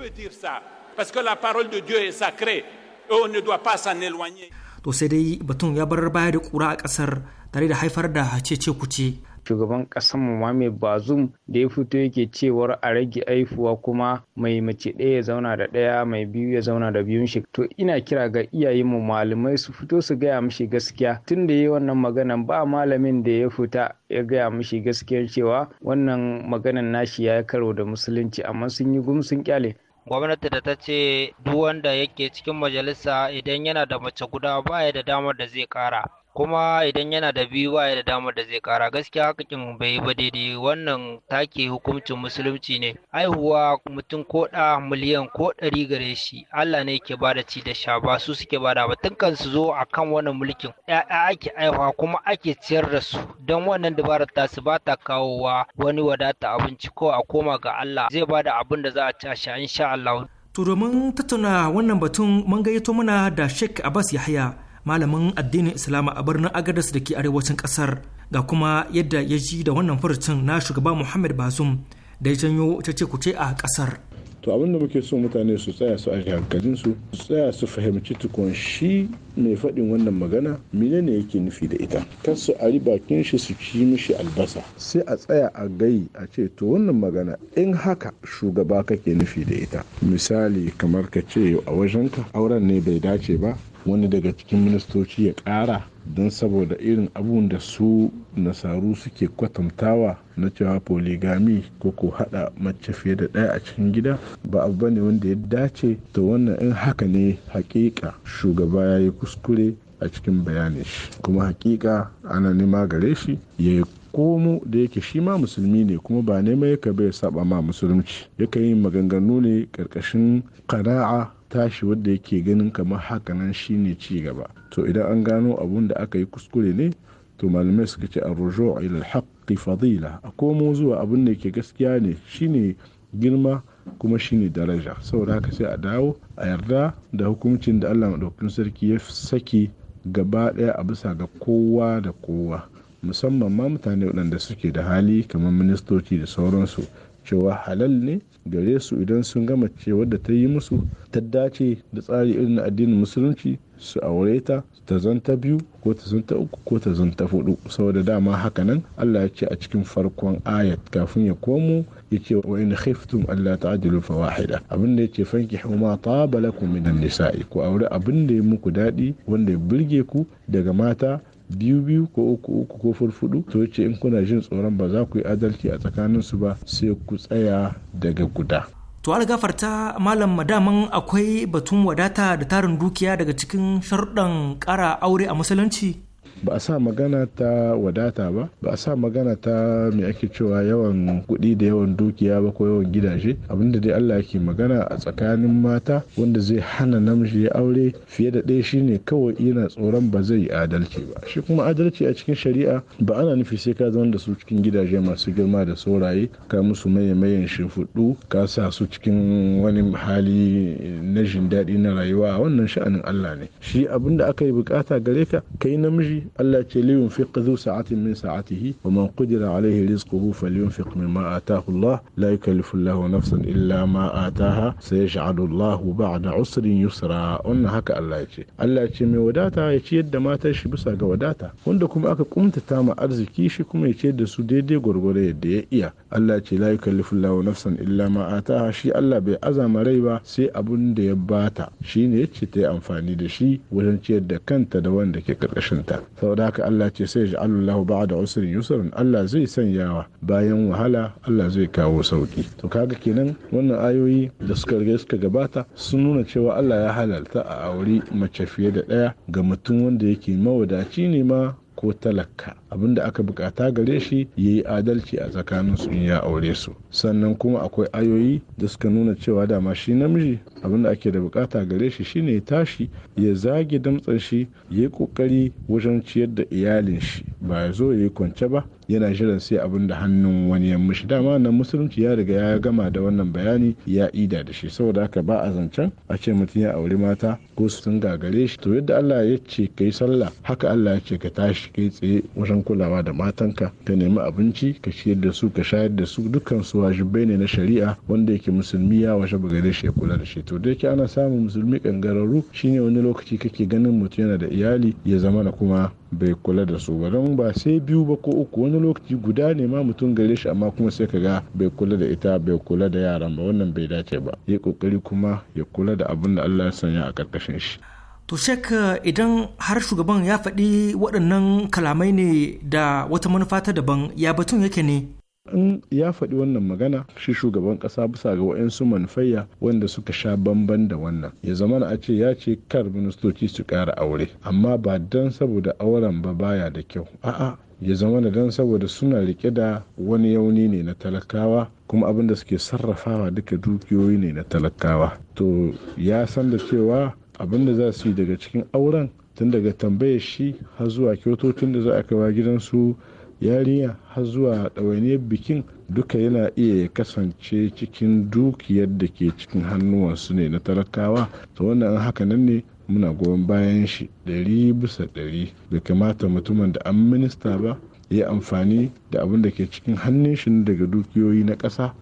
parce que la parole de Dieu est sacrée et on ne doit pas s'en éloigner. To sai dai batun ya bar baya da kura a kasar tare da haifar da hace kuce. Shugaban ƙasar mai bazum da ya fito yake cewar a rage aifuwa kuma mai mace ɗaya ya zauna da ɗaya mai biyu ya zauna da biyun shi. To ina kira ga iyayen mu malamai su fito su gaya mishi gaskiya tun da yi wannan maganan ba malamin da ya fita ya gaya mishi gaskiyar cewa wannan maganan nashi ya karo da musulunci amma sun yi gumsun kyale. gwamnati da ta ce duk wanda yake cikin majalisa idan yana da mace guda baya da damar da zai kara kuma idan yana da biyu ba da damar da zai kara gaskiya hakikin bai ba daidai wannan take hukuncin musulunci ne haihuwa mutum ko da miliyan ko ɗari gare shi Allah ne ke bada ci da sha ba su suke bada ba da kan su zo akan wannan mulkin yaya ake haihuwa kuma ake ciyar da su don wannan dabarar ta su ba ta kawowa wani wadata abinci ko a koma ga Allah zai bada abin da za a ci a sha insha Allah to domin tattauna wannan batun mun gayyato mana da Sheikh Abbas Yahya malamin addinin Islama a birnin Agadas da ke arewacin kasar ga kuma yadda ya ji da wannan furucin na shugaba Muhammad Bazum da ya janyo cece-kuce a kasar. To abin da muke so mutane su tsaya su a hankalinsu, su tsaya su fahimci tukun shi mai faɗin wannan magana mine ne yake nufi da ita kar su ari bakin shi su ci mishi albasa sai a tsaya a gai a ce to wannan magana in haka shugaba kake nufi da ita misali kamar ka ce a wajenka auren ne bai dace ba wani daga cikin ministoci ya ƙara don saboda irin abun da su nasaru suke kwatantawa na cewa poligami ko ko hada mace fiye da ɗaya a cikin gida ba abu bane wanda ya dace to wannan in haka ne hakika shugaba ya yi kuskure a cikin bayanin shi kuma hakika ana nema gare shi ya komo da yake shi ma musulmi ne kuma ba nema yaka bai saba ma musulunci yaka yi maganganu ne karkashin kana'a tashi wadda yake ganin kamar haka nan shine ci gaba to idan an gano abun da aka yi kuskure ne to malamai suka ce arrujo ila alhaqi fadila a komo zuwa abun da yake gaskiya ne shine girma kuma shine daraja saboda haka sai a dawo a yarda da hukuncin da Allah maɗaukin sarki ya saki gaba ɗaya a bisa ga kowa da kowa musamman ma mutane waɗanda suke da hali kamar ministoci da sauransu cewa halal ne gare su idan sun gama cewa da ta yi musu ta dace da tsari irin addinin musulunci su aure ta ta zanta biyu ko ta zanta uku ko ta zanta hudu saboda dama haka nan Allah ya ce a cikin farkon ayat kafin ya komo yace wa in khiftum alla ta'dilu fawahida abin da yace fanki ma taba lakum an nisa'i ku aure abin da ya muku dadi wanda ya burge ku daga mata biyu biyu ko uku uku ko furfudu to yace in kuna jin tsoron ba za ku yi adalci a tsakanin su ba sai ku tsaya daga guda to an gafarta malam madaman akwai batun wadata da tarin dukiya daga cikin sharuɗan ƙara aure a musulunci ba a sa magana ta wadata ba ba a sa magana ta mai ake cewa yawan kuɗi da yawan dukiya ba ko yawan gidaje abinda dai Allah ke magana a tsakanin mata wanda zai hana namiji ya aure fiye da ɗaya shine kawai yana tsoron ba zai yi adalci ba shi kuma adalci a cikin shari'a ba ana nufi sai ka zama da su cikin gidaje masu girma da sauraye ka musu maye mayen shimfiɗu ka sa su cikin wani hali na jin daɗi na rayuwa wannan sha'anin Allah ne shi abin da aka yi bukata gare ka kai namiji Allah ce liyun fi zu sa'atin min sa'atihi wa man qudira alaihi rizquhu falyunfiq mimma ataahu Allah la yukallifu Allahu nafsan illa ma ataha sayaj'alu Allahu ba'da usrin yusra wannan haka Allah ya ce Allah ce mai wadata ya ciyar da matar shi bisa ga wadata wanda kuma aka kumtata ma arziki shi kuma ya ciyar da su daidai gwargwaro yadda ya iya Allah ce la yukallifu Allahu nafsan illa ma ataha shi Allah bai azama rai ba sai abun da ya bata shine yace ta yi amfani da shi wajen ciyar da kanta da wanda ke karkashinta. saboda haka Allah ce sai ji lahu ba da usri Allah zai sanyawa bayan wahala Allah zai kawo sauki to kaga kenan wannan ayoyi da suka riga suka gabata sun nuna cewa Allah ya halalta a auri mace fiye da ɗaya ga mutum wanda yake mawadaci ne ma ko talaka abinda aka bukata gare shi ya yi adalci a tsakanin su ya aure su sannan kuma akwai ayoyi da suka nuna cewa dama shi namiji abinda ake da bukata gare shi shine ya tashi ya zage damtsan shi ya yi kokari wajen ciyar da iyalin shi ba ya zo ya yi kwance ba yana jiran sai abin da hannun wani ya mushi dama nan musulunci ya riga ya gama da wannan bayani ya ida da shi saboda haka ba a zancen a ce mutum ya auri mata ko su sun gagare shi to yadda Allah ya ce kai sallah haka Allah ya ce ka tashi kai tsaye wajen kulawa da matanka ka nemi abinci ka ciyar da su ka shayar da su dukkan su wajibai ne na shari'a wanda yake musulmi ya washe bagare shi ya kula da shi to da yake ana samun musulmi kangararru shine wani lokaci kake ganin mutum yana da iyali ya zama na kuma bai kula da su ba don ba sai biyu ba ko uku wani lokaci guda ne ma mutum gare shi amma kuma sai ka ga bai kula da ita bai kula da yaran ba wannan bai dace ba ya kokari kuma ya kula da abin da Allah ya sanya a karkashin shi to shek idan har shugaban ya faɗi waɗannan kalamai ne da wata manufa ta daban ya batun yake ne in ya faɗi wannan magana shi shugaban ƙasa bisa ga wa'yansu manufayya wanda suka sha bamban da wannan ya zama a ce ya ce kar ministoci su ƙara aure amma ba don saboda auren ba baya da kyau a'a ya zama da don saboda suna rike da wani yauni ne na talakawa kuma abin da suke sarrafawa duka dukiyoyi ne na talakawa to ya san da cewa abin da za su yi daga cikin auren tun daga tambayar shi har zuwa kyautocin da za a gidan gidansu yarinya har zuwa ɗawainiyar bikin duka yana iya ya kasance cikin dukiyar da ke cikin hannuwansu ne na talakawa to wannan haka nan ne muna goyon bayan shi ɗari bisa ɗari bai kamata mutumin da an minista ba ya amfani da abin da ke cikin hannun shi daga dukiyoyi na ƙasa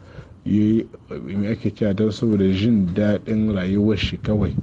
ya yi mai ake cewa don saboda jin daɗin rayuwar shi kawai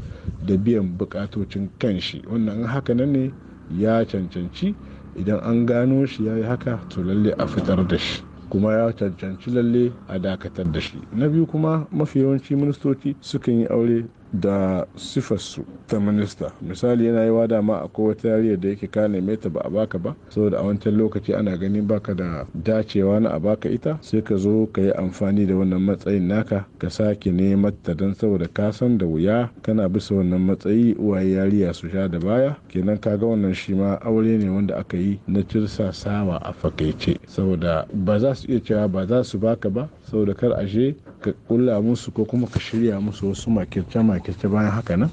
da biyan bukatocin kanshi wannan haka nan ne ya cancanci idan an gano shi ya yi haka to lalle a fitar da shi kuma ya cancanci lalle a dakatar da shi na biyu kuma mafi yawanci ministoci sukan yi aure da sifarsu ta minista misali yana yi dama a wata yariyar da yake ka neme ta ba a baka ba saboda a wancan lokaci ana ganin baka da dacewa na a baka ita sai ka zo ka yi amfani da wannan matsayin naka ka sake neman ta don saboda ka san da wuya kana bisa wannan matsayi uwaye yariya su sha da baya kenan ka ga wannan shi ma aure ne wanda aka yi na cirsa sawa a fakaice saboda ba za su iya cewa ba za su baka ba saboda kar ashe ka kulla musu ko kuma ka shirya musu wasu makirce-makirce bayan haka nan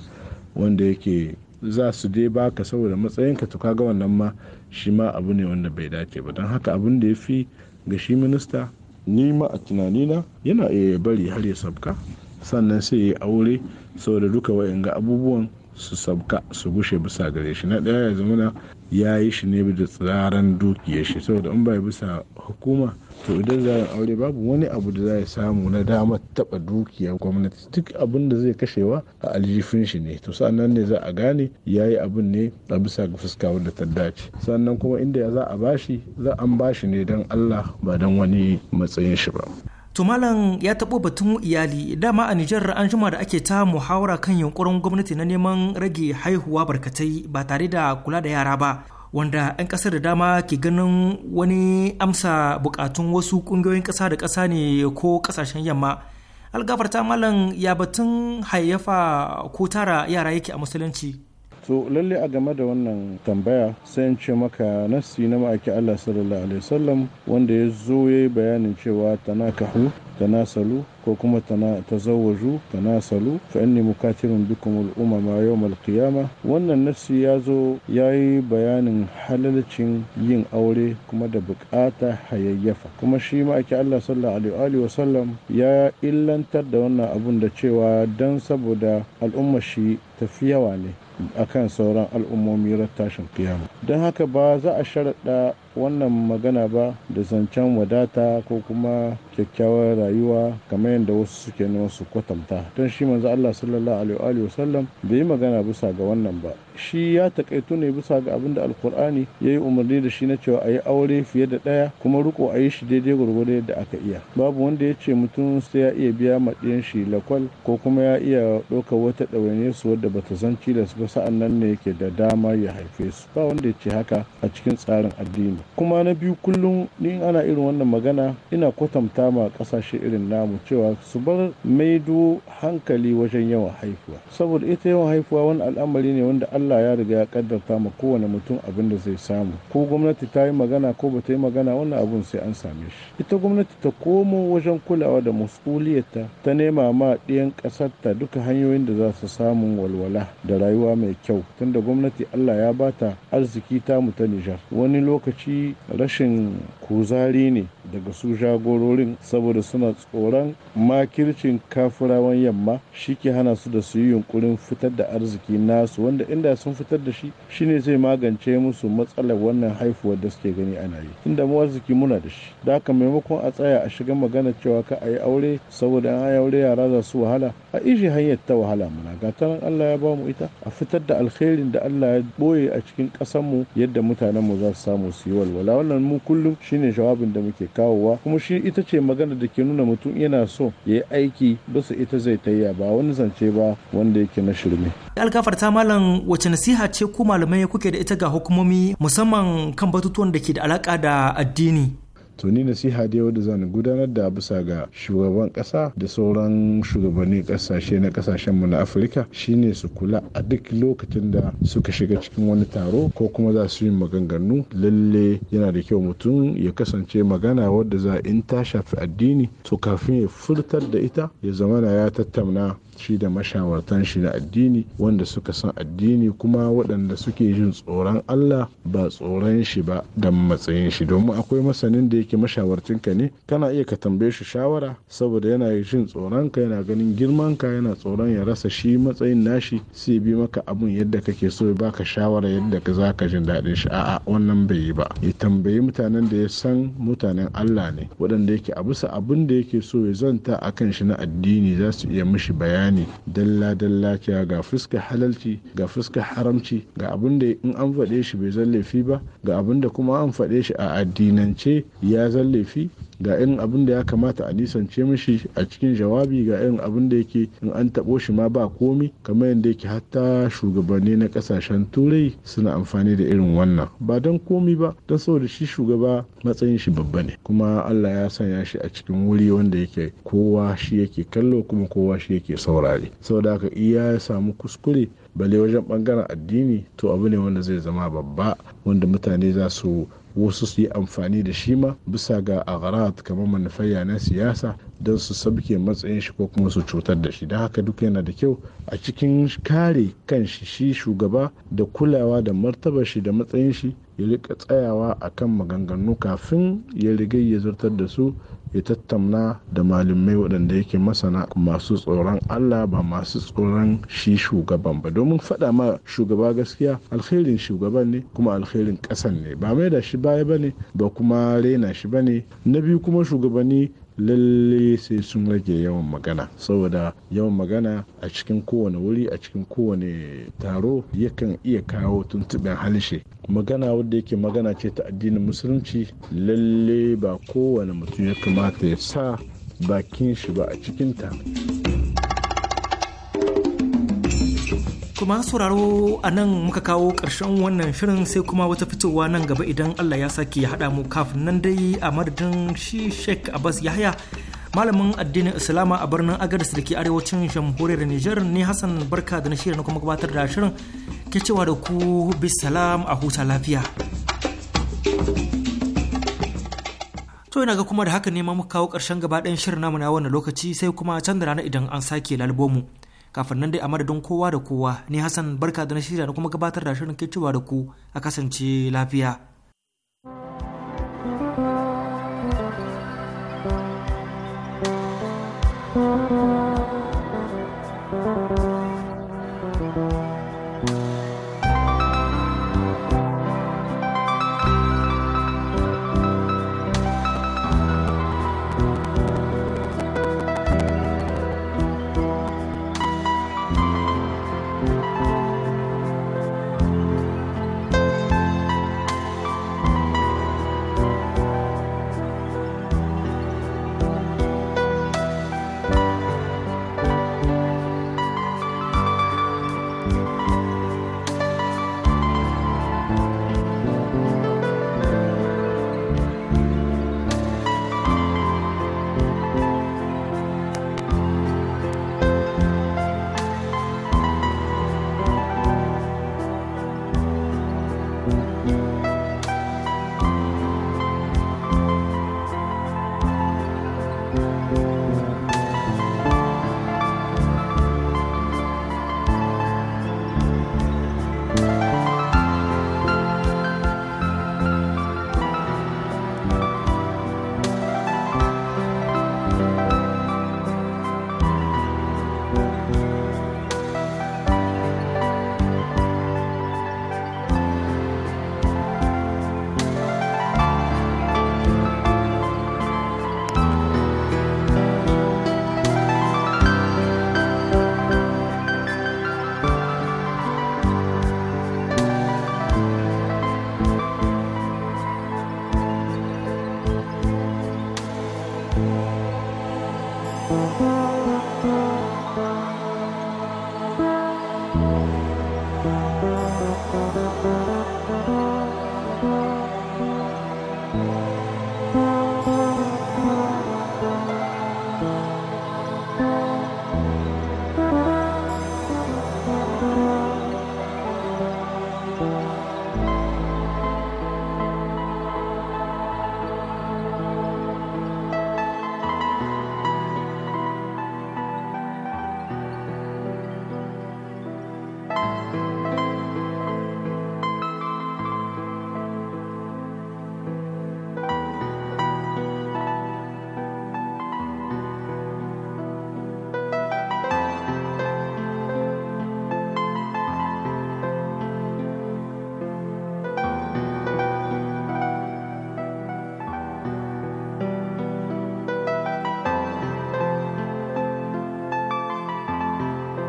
wanda yake za su dai baka saboda matsayinka to kaga wannan ma shi ma abu ne wanda bai dace ba don haka abin da ya fi ga shi minista ni ma a tunanina yana iya bari har ya sabka sannan sai ya aure saboda duka wa'in ga abubuwan su sabka su bushe bisa gare shi na daya ya zama ya yi shi ne da tsiraran dukiyar shi saboda in bai bisa hukuma to idan za a aure babu wani abu da za ya samu na dama taba dukiyar gwamnati duk abin da zai kashewa a aljifin shi ne to sannan ne za a gane ya yi abin ne a bisa ga fuska wanda ta dace sannan kuma inda za a bashi za an bashi ne don allah ba don wani matsayin shi ba To malam ya taɓo batun iyali dama a Nijar an jima da ake ta muhawara kan yunkurin gwamnati na neman rage haihuwa barkatai ba tare da kula da yara ba wanda 'yan ƙasar da dama ke ganin wani amsa bukatun wasu ƙungiyoyin ƙasa da ƙasa ne ko ƙasashen yamma. Algafarta malam ya batun hayyafa ko tara yara yake a musulunci. to lalle a game da wannan tambaya sai in ce maka nasi na ma'aiki Allah sallallahu alaihi wasallam wanda ya zo ya yi bayanin cewa tana kahu tana tanasalu ko kuma tazawwaju salu fa inni mukatirun bikum al-umama yawm al-qiyama wannan nasi ya zo ya yi bayanin halalcin yin aure kuma da bukata hayayyafa kuma shi ma'aiki Allah sallallahu alaihi wasallam ya illantar da wannan abun da cewa dan saboda al'ummar shi tafi yawa ne akan sauran al'ummomi ran tashin kiyama don haka ba za a sharaɗa wannan magana ba da zancen wadata ko kuma kyakkyawar rayuwa kamar yadda wasu suke neman su kwatanta don shi manzo Allah sallallahu alaihi wa sallam bai yi magana bisa ga wannan ba shi ya takaitu ne bisa ga abin da alkur'ani ya yi umarni da shi na cewa a yi aure fiye da ɗaya kuma riko a yi shi daidai gwargwado yadda aka iya babu wanda ya ce mutum sai ya iya biya maɗiyan shi lakwal ko kuma ya iya ɗaukar wata ɗawainiyar su wadda bata san cilas ba sa'an nan ne yake da dama ya haife su ba wanda ya ce haka a cikin tsarin addini kuma na biyu kullum ni ana irin wannan magana ina kwatanta ma kasashe irin namu cewa su bar maido hankali wajen yawan haihuwa saboda ita yawan haihuwa wani al'amari ne wanda Allah ya riga ya kaddarta ma kowane mutum abin da zai samu ko gwamnati ta yi magana ko ba ta yi magana wannan abun sai an same shi ita gwamnati ta komo wajen kulawa da mas'uliyarta ta nema ma ɗiyan ta duka hanyoyin da za su samu walwala da rayuwa mai kyau tunda gwamnati Allah ya bata arziki ta mu ta Nijar wani lokaci rashin kuzari ne daga su jagororin saboda suna tsoron makircin kafirawan yamma shi ke hana su da su yi yunkurin fitar da arziki nasu wanda inda sun fitar da shi shine zai magance musu matsalar wannan haifuwar da suke gani ana yi inda mu arziki muna da shi da haka maimakon a tsaya a shiga magana cewa ka a yi aure saboda an aure yara za su wahala a ishi hanyar ta wahala muna ga Allah ya ba mu ita a fitar da alkhairin da Allah ya boye a cikin ƙasar mu yadda mutanen mu za su samu su yi walwala wannan mu kullum shine jawabin da muke kawowa kuma shi ita ce magana da ke nuna mutum yana so ya yi aiki bisa ita zai tayya ba wani zance ba wanda yake na shirme. ta malam wace nasiha ce ku malamai kuke da ita ga hukumomi musamman kan batutuwan da ke da alaka da addini to ni nasiha dai wadda zan gudanar da bisa ga shugaban kasa da sauran shugabannin kasashe na kasashen mu na afirka shine su kula a duk lokacin da suka shiga cikin wani taro ko kuma za su yi maganganu lalle yana da kyau mutum ya kasance magana wadda za in ta shafi addini to kafin ya furtar da ita ya zamana ya tattauna shi da mashawartan shi na addini wanda suka san addini kuma waɗanda suke jin tsoron Allah ba tsoron shi ba da matsayin shi domin akwai masanin da yake mashawartin ka ne kana iya ka tambaye shi shawara saboda yana jin tsoron ka yana ganin girman ka yana tsoron ya rasa shi matsayin nashi sai bi maka abun yadda kake so ya baka shawara yadda ka zaka jin daɗin shi a'a wannan bai yi ba ya tambayi mutanen da ya san mutanen Allah ne waɗanda yake a bisa abin da yake so ya zanta akan shi na addini za su iya mishi bayani bayani dalla-dalla cewa ga fuska halalci ga fuska haramci ga abin da in an faɗe shi bai zallafi ba ga abin da kuma an faɗe shi a addinance ya zallafi ga irin abin da ya kamata a nisance mishi a cikin jawabi ga irin abin da yake in an taɓo shi ma ba komi kamar yadda yake hatta shugabanni na ƙasashen turai suna amfani da irin wannan ba don komi ba don saboda shi shugaba matsayin shi babba ne kuma allah ya sanya shi a cikin wuri wanda yake kowa shi yake kallo kuma kowa shi yake saurare saboda haka iya ya samu kuskure bale wajen bangaren addini to abu ne wanda zai zama babba wanda mutane za su wasu su yi amfani da shi ma bisa ga agharat kamar manufayya na siyasa don su sabke matsayin shi ko kuma su cutar da shi da haka duk yana da kyau a cikin kare kan shi shi shugaba da kulawa da martaba shi da matsayin shi ya rika tsayawa akan maganganu kafin ya riga ya zartar da su ya tattauna da malamai waɗanda yake masana masu tsoron Allah ba masu tsoron shi shugaban ba domin faɗa ma shugaba gaskiya alherin shugaban ne kuma alherin ƙasan ne ba mai da shi baya ba ne ba kuma raina shi ba ne na biyu kuma shugabanni lalle sai sun rage yawan magana saboda yawan magana a cikin kowane wuri a cikin kowane taro yakan iya kawo tuntuɓin halishe magana wadda yake magana ce ta addinin musulunci lalle ba kowane mutum ya kamata ya sa bakin shi ba a cikinta. ta kuma sauraro a nan muka kawo ƙarshen wannan shirin sai kuma wata fitowa nan gaba idan Allah ya sake ya haɗa mu kafin nan dai a madadin shi Sheikh Abbas Yahya malamin addinin Islama a birnin Agadis da ke arewacin jamhuriyar Nijar ne Hassan Barka da na shirin kuma gabatar da shirin ke cewa da ku bi salam a huta lafiya. To ina ga kuma da haka ne ma muka kawo ƙarshen gaba ɗayan shirin namu na wannan lokaci sai kuma can da rana idan an sake lalbomu. mu. kafin nan dai a madadin kowa da kowa ni hassan barka da na shirya da kuma gabatar da shirin ke cewa da ku a kasance lafiya